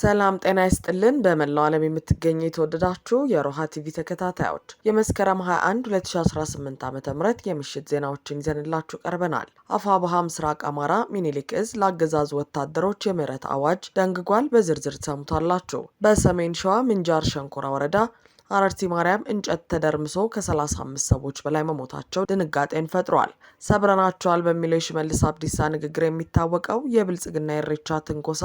ሰላም ጤና ይስጥልን። በመላው ዓለም የምትገኙ የተወደዳችሁ የሮሃ ቲቪ ተከታታዮች የመስከረም 21 2018 ዓ ም የምሽት ዜናዎችን ይዘንላችሁ ቀርበናል። አፋብሃ ምስራቅ አማራ ሚኒሊክ እዝ ለአገዛዙ ወታደሮች የምህረት አዋጅ ደንግጓል። በዝርዝር ሰሙታላችሁ። በሰሜን ሸዋ ምንጃር ሸንኮራ ወረዳ አረርቲ ማርያም እንጨት ተደርምሶ ከ35 ሰዎች በላይ መሞታቸው ድንጋጤን ፈጥሯል። ሰብረናቸዋል በሚለው የሽመልስ አብዲሳ ንግግር የሚታወቀው የብልጽግና የሬቻ ትንኮሳ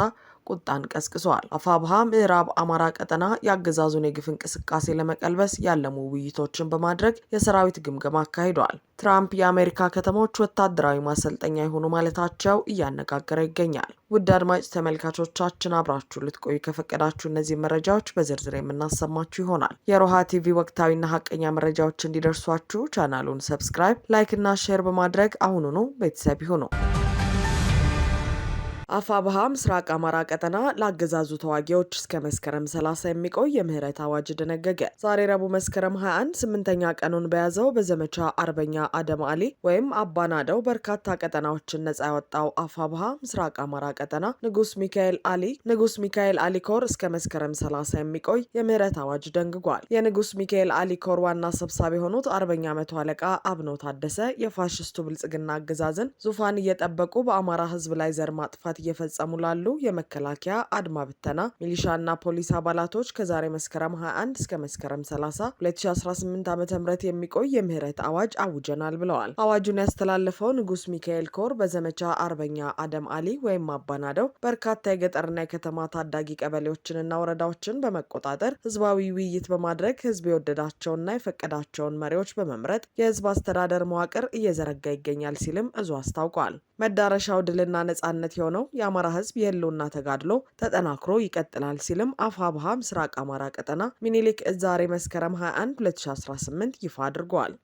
ቁጣን ቀስቅሷል። አፋብሃ ምዕራብ አማራ ቀጠና የአገዛዙን የግፍ እንቅስቃሴ ለመቀልበስ ያለሙ ውይይቶችን በማድረግ የሰራዊት ግምገማ አካሂዷል። ትራምፕ የአሜሪካ ከተሞች ወታደራዊ ማሰልጠኛ የሆኑ ማለታቸው እያነጋገረ ይገኛል። ውድ አድማጭ ተመልካቾቻችን አብራችሁ ልትቆዩ ከፈቀዳችሁ እነዚህ መረጃዎች በዝርዝር የምናሰማችሁ ይሆናል። የሮሃ ቲቪ ወቅታዊና ሀቀኛ መረጃዎች እንዲደርሷችሁ ቻናሉን ሰብስክራይብ፣ ላይክ እና ሼር በማድረግ አሁኑኑ ቤተሰብ ይሁኑ። አፋብሃ ምስራቅ አማራ ቀጠና ለአገዛዙ ተዋጊዎች እስከ መስከረም 30 የሚቆይ የምህረት አዋጅ ደነገገ። ዛሬ ረቡዕ መስከረም 21 ስምንተኛ ቀኑን በያዘው በዘመቻ አርበኛ አደም አሊ ወይም አባናደው በርካታ ቀጠናዎችን ነጻ ያወጣው አፋብሃ ምስራቅ አማራ ቀጠና ንጉስ ሚካኤል አሊ ንጉስ ሚካኤል አሊ ኮር እስከ መስከረም 30 የሚቆይ የምህረት አዋጅ ደንግጓል። የንጉስ ሚካኤል አሊ ኮር ዋና ሰብሳቢ የሆኑት አርበኛ መቶ አለቃ አብኖ ታደሰ የፋሽስቱ ብልጽግና አገዛዝን ዙፋን እየጠበቁ በአማራ ህዝብ ላይ ዘር ማጥፋት እየፈጸሙ ላሉ የመከላከያ አድማ ብተና ሚሊሻና ፖሊስ አባላቶች ከዛሬ መስከረም 21 እስከ መስከረም 30 2018 ዓ ም የሚቆይ የምህረት አዋጅ አውጀናል ብለዋል። አዋጁን ያስተላለፈው ንጉስ ሚካኤል ኮር በዘመቻ አርበኛ አደም አሊ ወይም አባናደው በርካታ የገጠርና የከተማ ታዳጊ ቀበሌዎችንና ወረዳዎችን በመቆጣጠር ህዝባዊ ውይይት በማድረግ ህዝብ የወደዳቸውና የፈቀዳቸውን መሪዎች በመምረጥ የህዝብ አስተዳደር መዋቅር እየዘረጋ ይገኛል ሲልም እዙ አስታውቋል። መዳረሻው ድልና ነጻነት የሆነው የአማራ ህዝብ የህልውና ተጋድሎ ተጠናክሮ ይቀጥላል ሲልም አፋብሃ ምስራቅ አማራ ቀጠና ሚኒሊክ ዛሬ መስከረም 21 2018 ይፋ አድርገዋል።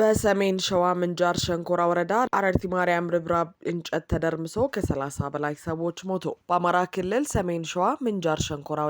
በሰሜን ሸዋ ምንጃር ሸንኮራ ወረዳ አረርቲ ማርያም ርብራብ እንጨት ተደርምሶ ከ30 በላይ ሰዎች ሞቶ። በአማራ ክልል ሰሜን ሸዋ ምንጃር ሸንኮራ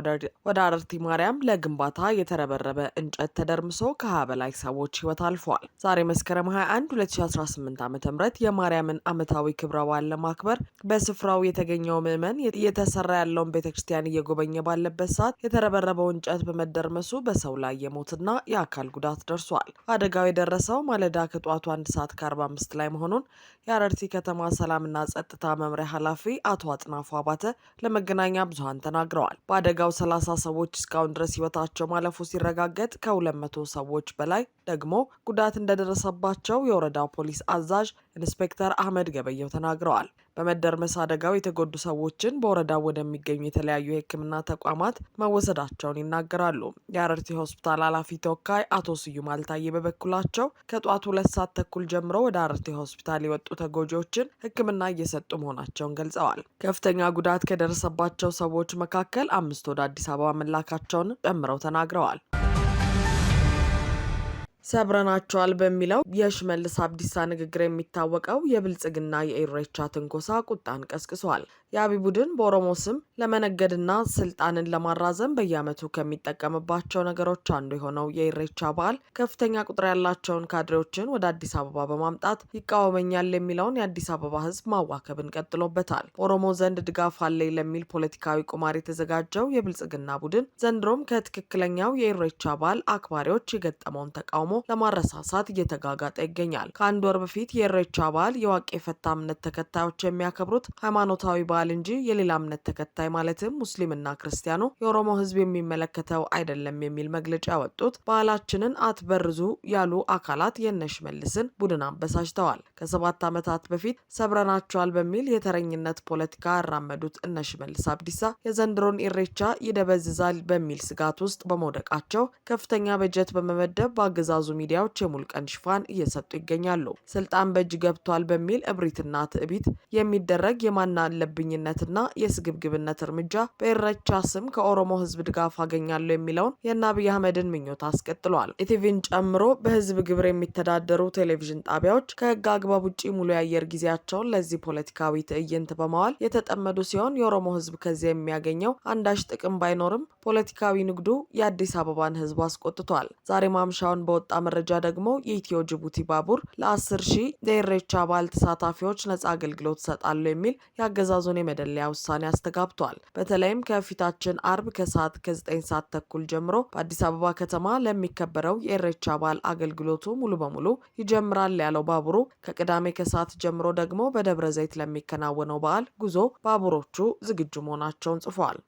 ወደ አረርቲ ማርያም ለግንባታ የተረበረበ እንጨት ተደርምሶ ከ20 በላይ ሰዎች ህይወት አልፏል። ዛሬ መስከረም 21 2018 ዓ.ም የማርያምን ዓመታዊ ክብረ በዓል ለማክበር በስፍራው የተገኘው ምዕመን እየተሰራ ያለውን ቤተ ክርስቲያን እየጎበኘ ባለበት ሰዓት የተረበረበው እንጨት በመደርመሱ በሰው ላይ የሞትና የአካል ጉዳት ደርሷል። አደጋው የደረሰው ማለዳ ከጠዋቱ አንድ ሰዓት ከ45 ላይ መሆኑን የአረርቲ ከተማ ሰላምና ጸጥታ መምሪያ ኃላፊ አቶ አጥናፉ አባተ ለመገናኛ ብዙሀን ተናግረዋል። በአደጋው 30 ሰዎች እስካሁን ድረስ ህይወታቸው ማለፉ ሲረጋገጥ ከ200 ሰዎች በላይ ደግሞ ጉዳት እንደደረሰባቸው የወረዳው ፖሊስ አዛዥ ኢንስፔክተር አህመድ ገበየው ተናግረዋል። በመደርመስ አደጋው የተጎዱ ሰዎችን በወረዳው ወደሚገኙ የተለያዩ የሕክምና ተቋማት መወሰዳቸውን ይናገራሉ። የአረርቲ ሆስፒታል ኃላፊ ተወካይ አቶ ስዩም አልታዬ በበኩላቸው ከጧቱ ሁለት ሰዓት ተኩል ጀምሮ ወደ አረርቲ ሆስፒታል የወጡ ተጎጂዎችን ሕክምና እየሰጡ መሆናቸውን ገልጸዋል። ከፍተኛ ጉዳት ከደረሰባቸው ሰዎች መካከል አምስት ወደ አዲስ አበባ መላካቸውን ጨምረው ተናግረዋል። ሰብረናቸዋል በሚለው የሽመልስ አብዲሳ ንግግር የሚታወቀው የብልጽግና የኢሬቻ ትንኮሳ ቁጣን ቀስቅሷል። የአቢ ቡድን በኦሮሞ ስም ለመነገድና ስልጣንን ለማራዘም በየዓመቱ ከሚጠቀምባቸው ነገሮች አንዱ የሆነው የኢሬቻ በዓል ከፍተኛ ቁጥር ያላቸውን ካድሬዎችን ወደ አዲስ አበባ በማምጣት ይቃወመኛል የሚለውን የአዲስ አበባ ሕዝብ ማዋከብን ቀጥሎበታል። ኦሮሞ ዘንድ ድጋፍ አለኝ ለሚል ፖለቲካዊ ቁማር የተዘጋጀው የብልጽግና ቡድን ዘንድሮም ከትክክለኛው የኢሬቻ በዓል አክባሪዎች የገጠመውን ተቃውሞ ለማረሳሳት እየተጋጋጠ ይገኛል። ከአንድ ወር በፊት የእሬቻ በዓል የዋቄ ፈታ እምነት ተከታዮች የሚያከብሩት ሃይማኖታዊ በዓል እንጂ የሌላ እምነት ተከታይ ማለትም ሙስሊምና ክርስቲያኑ የኦሮሞ ህዝብ የሚመለከተው አይደለም የሚል መግለጫ ያወጡት ባህላችንን አትበርዙ ያሉ አካላት መልስን ቡድን አበሳጭተዋል። ከሰባት ዓመታት በፊት ሰብረናቸዋል በሚል የተረኝነት ፖለቲካ ያራመዱት እነሽ መልስ አብዲሳ የዘንድሮን ኢሬቻ ይደበዝዛል በሚል ስጋት ውስጥ በመውደቃቸው ከፍተኛ በጀት በመመደብ በአገዛዙ የተያዙ ሚዲያዎች የሙሉቀን ሽፋን እየሰጡ ይገኛሉ። ስልጣን በእጅ ገብቷል በሚል እብሪትና ትዕቢት የሚደረግ የማናለብኝነትና የስግብግብነት እርምጃ በኢሬቻ ስም ከኦሮሞ ሕዝብ ድጋፍ አገኛለሁ የሚለውን የናብይ አህመድን ምኞት አስቀጥሏል። ኢቲቪን ጨምሮ በህዝብ ግብር የሚተዳደሩ ቴሌቪዥን ጣቢያዎች ከህግ አግባብ ውጭ ሙሉ የአየር ጊዜያቸውን ለዚህ ፖለቲካዊ ትዕይንት በመዋል የተጠመዱ ሲሆን የኦሮሞ ሕዝብ ከዚያ የሚያገኘው አንዳች ጥቅም ባይኖርም ፖለቲካዊ ንግዱ የአዲስ አበባን ሕዝብ አስቆጥቷል። ዛሬ ማምሻውን በወጣ በወጣ መረጃ ደግሞ የኢትዮ ጅቡቲ ባቡር ለ10 ሺህ የኢሬቻ በዓል ተሳታፊዎች ነጻ አገልግሎት ይሰጣሉ የሚል የአገዛዙን የመደለያ ውሳኔ አስተጋብቷል። በተለይም ከፊታችን አርብ ከሰዓት ከ9 ሰዓት ተኩል ጀምሮ በአዲስ አበባ ከተማ ለሚከበረው የኢሬቻ አባል አገልግሎቱ ሙሉ በሙሉ ይጀምራል ያለው ባቡሩ ከቅዳሜ ከሰዓት ጀምሮ ደግሞ በደብረ ዘይት ለሚከናወነው በዓል ጉዞ ባቡሮቹ ዝግጁ መሆናቸውን ጽፏል።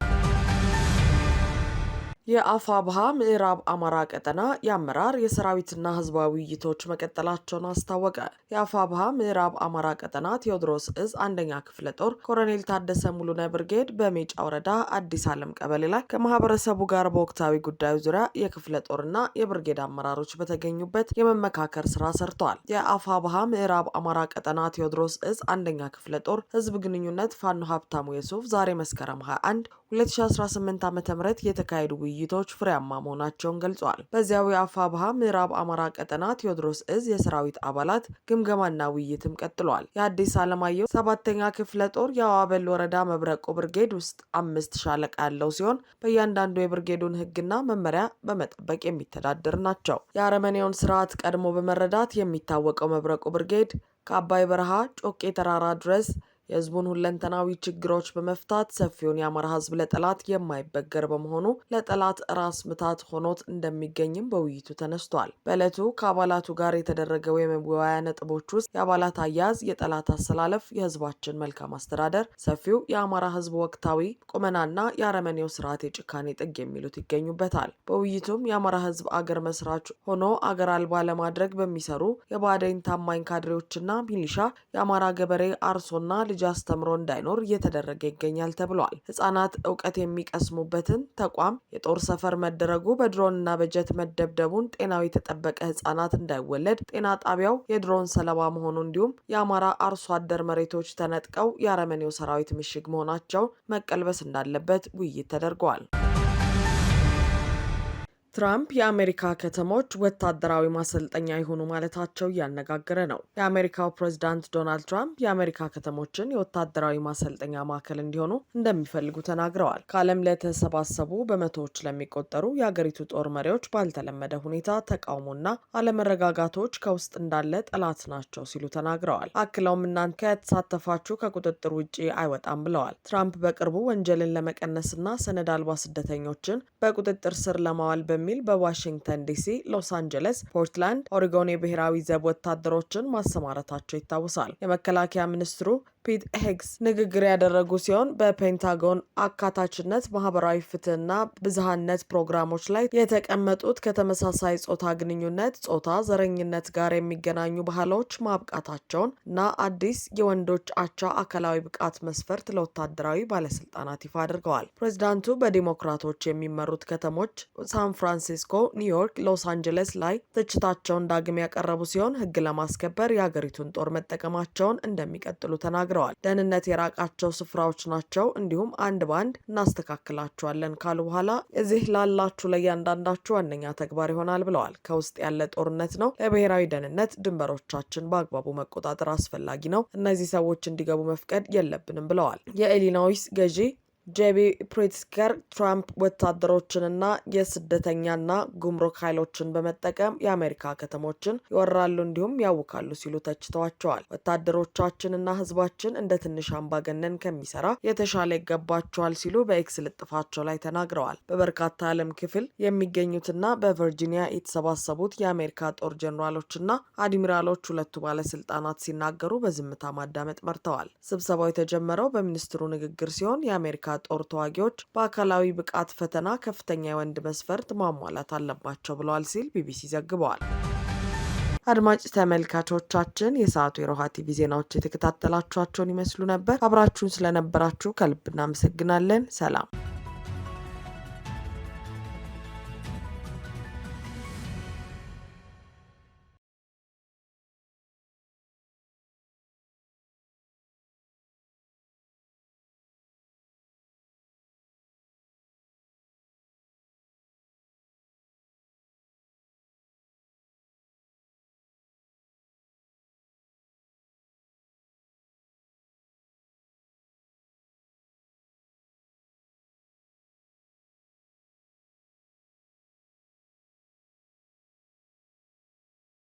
የአፋብሃ ምዕራብ አማራ ቀጠና የአመራር የሰራዊትና ህዝባዊ ውይይቶች መቀጠላቸውን አስታወቀ። የአፋብሃ ምዕራብ አማራ ቀጠና ቴዎድሮስ እዝ አንደኛ ክፍለ ጦር ኮሎኔል ታደሰ ሙሉነ ብርጌድ በሜጫ ወረዳ አዲስ ዓለም ቀበሌ ላይ ከማህበረሰቡ ጋር በወቅታዊ ጉዳዩ ዙሪያ የክፍለ ጦርና የብርጌድ አመራሮች በተገኙበት የመመካከር ስራ ሰርተዋል። የአፋብሃ ምዕራብ አማራ ቀጠና ቴዎድሮስ እዝ አንደኛ ክፍለ ጦር ህዝብ ግንኙነት ፋኖ ሀብታሙ የሱፍ ዛሬ መስከረም 21 2018 ዓ ም የተካሄዱ ውይይቶች ፍሬያማ መሆናቸውን ገልጿል። በዚያው የአፋብሃ ምዕራብ አማራ ቀጠና ቴዎድሮስ እዝ የሰራዊት አባላት ግምገማና ውይይትም ቀጥሏል። የአዲስ አለማየሁ ሰባተኛ ክፍለ ጦር የአዋበል ወረዳ መብረቆ ብርጌድ ውስጥ አምስት ሻለቃ ያለው ሲሆን በእያንዳንዱ የብርጌዱን ሕግና መመሪያ በመጠበቅ የሚተዳደር ናቸው። የአረመኔውን ስርዓት ቀድሞ በመረዳት የሚታወቀው መብረቆ ብርጌድ ከአባይ በረሃ ጮቄ ተራራ ድረስ የህዝቡን ሁለንተናዊ ችግሮች በመፍታት ሰፊውን የአማራ ህዝብ ለጠላት የማይበገር በመሆኑ ለጠላት ራስ ምታት ሆኖት እንደሚገኝም በውይይቱ ተነስቷል። በዕለቱ ከአባላቱ ጋር የተደረገው የመወያያ ነጥቦች ውስጥ የአባላት አያያዝ፣ የጠላት አሰላለፍ፣ የህዝባችን መልካም አስተዳደር፣ ሰፊው የአማራ ህዝብ ወቅታዊ ቁመናና የአረመኔው ስርዓት የጭካኔ ጥግ የሚሉት ይገኙበታል። በውይይቱም የአማራ ህዝብ አገር መስራች ሆኖ አገር አልባ ለማድረግ በሚሰሩ የባህደኝ ታማኝ ካድሬዎችና ሚሊሻ የአማራ ገበሬ አርሶና ልጅ አስተምሮ እንዳይኖር እየተደረገ ይገኛል ተብሏል። ህጻናት እውቀት የሚቀስሙበትን ተቋም የጦር ሰፈር መደረጉ በድሮንና በጀት መደብደቡን፣ ጤናው የተጠበቀ ህጻናት እንዳይወለድ ጤና ጣቢያው የድሮን ሰለባ መሆኑ እንዲሁም የአማራ አርሶ አደር መሬቶች ተነጥቀው የአረመኔው ሰራዊት ምሽግ መሆናቸው መቀልበስ እንዳለበት ውይይት ተደርገዋል። ትራምፕ የአሜሪካ ከተሞች ወታደራዊ ማሰልጠኛ ይሆኑ ማለታቸው እያነጋገረ ነው። የአሜሪካው ፕሬዚዳንት ዶናልድ ትራምፕ የአሜሪካ ከተሞችን የወታደራዊ ማሰልጠኛ ማዕከል እንዲሆኑ እንደሚፈልጉ ተናግረዋል። ከዓለም ለተሰባሰቡ በመቶዎች ለሚቆጠሩ የአገሪቱ ጦር መሪዎች ባልተለመደ ሁኔታ ተቃውሞና አለመረጋጋቶች ከውስጥ እንዳለ ጠላት ናቸው ሲሉ ተናግረዋል። አክለውም እናንተ ከተሳተፋችሁ ከቁጥጥር ውጭ አይወጣም ብለዋል። ትራምፕ በቅርቡ ወንጀልን ለመቀነስና ሰነድ አልባ ስደተኞችን በቁጥጥር ስር ለማዋል በሚ በሚል በዋሽንግተን ዲሲ፣ ሎስ አንጀለስ፣ ፖርትላንድ፣ ኦሪጎን የብሔራዊ ዘብ ወታደሮችን ማሰማራታቸው ይታወሳል። የመከላከያ ሚኒስትሩ ፒት ሄግስ ንግግር ያደረጉ ሲሆን በፔንታጎን አካታችነት ማህበራዊ ፍትህና ብዝሃነት ፕሮግራሞች ላይ የተቀመጡት ከተመሳሳይ ጾታ ግንኙነት፣ ጾታ ዘረኝነት ጋር የሚገናኙ ባህሎች ማብቃታቸውን እና አዲስ የወንዶች አቻ አካላዊ ብቃት መስፈርት ለወታደራዊ ባለስልጣናት ይፋ አድርገዋል። ፕሬዚዳንቱ በዲሞክራቶች የሚመሩት ከተሞች ሳን ፍራንሲስኮ፣ ኒውዮርክ፣ ሎስ አንጀለስ ላይ ትችታቸውን ዳግም ያቀረቡ ሲሆን ህግ ለማስከበር የአገሪቱን ጦር መጠቀማቸውን እንደሚቀጥሉ ተናግረዋል። ተናግረዋል። ደህንነት የራቃቸው ስፍራዎች ናቸው፣ እንዲሁም አንድ በአንድ እናስተካክላቸዋለን ካሉ በኋላ እዚህ ላላችሁ ለእያንዳንዳችሁ ዋነኛ ተግባር ይሆናል ብለዋል። ከውስጥ ያለ ጦርነት ነው። ለብሔራዊ ደህንነት ድንበሮቻችን በአግባቡ መቆጣጠር አስፈላጊ ነው። እነዚህ ሰዎች እንዲገቡ መፍቀድ የለብንም ብለዋል። የኢሊኖይስ ገዢ ጄቢ ፕሪትስከር ትራምፕ ወታደሮችንና የስደተኛና ጉምሩክ ኃይሎችን በመጠቀም የአሜሪካ ከተሞችን ይወራሉ እንዲሁም ያውካሉ ሲሉ ተችተዋቸዋል። ወታደሮቻችንና ሕዝባችን እንደ ትንሽ አምባገነን ከሚሰራ የተሻለ ይገባቸዋል ሲሉ በኤክስ ልጥፋቸው ላይ ተናግረዋል። በበርካታ ዓለም ክፍል የሚገኙትና በቨርጂኒያ የተሰባሰቡት የአሜሪካ ጦር ጀኔራሎችና አድሚራሎች ሁለቱ ባለስልጣናት ሲናገሩ በዝምታ ማዳመጥ መርተዋል። ስብሰባው የተጀመረው በሚኒስትሩ ንግግር ሲሆን የአሜሪካ ጦር ተዋጊዎች በአካላዊ ብቃት ፈተና ከፍተኛ የወንድ መስፈርት ማሟላት አለባቸው ብለዋል ሲል ቢቢሲ ዘግበዋል። አድማጭ ተመልካቾቻችን የሰዓቱ የሮሃ ቲቪ ዜናዎች የተከታተላችኋቸውን ይመስሉ ነበር። አብራችሁን ስለነበራችሁ ከልብ እናመሰግናለን። ሰላም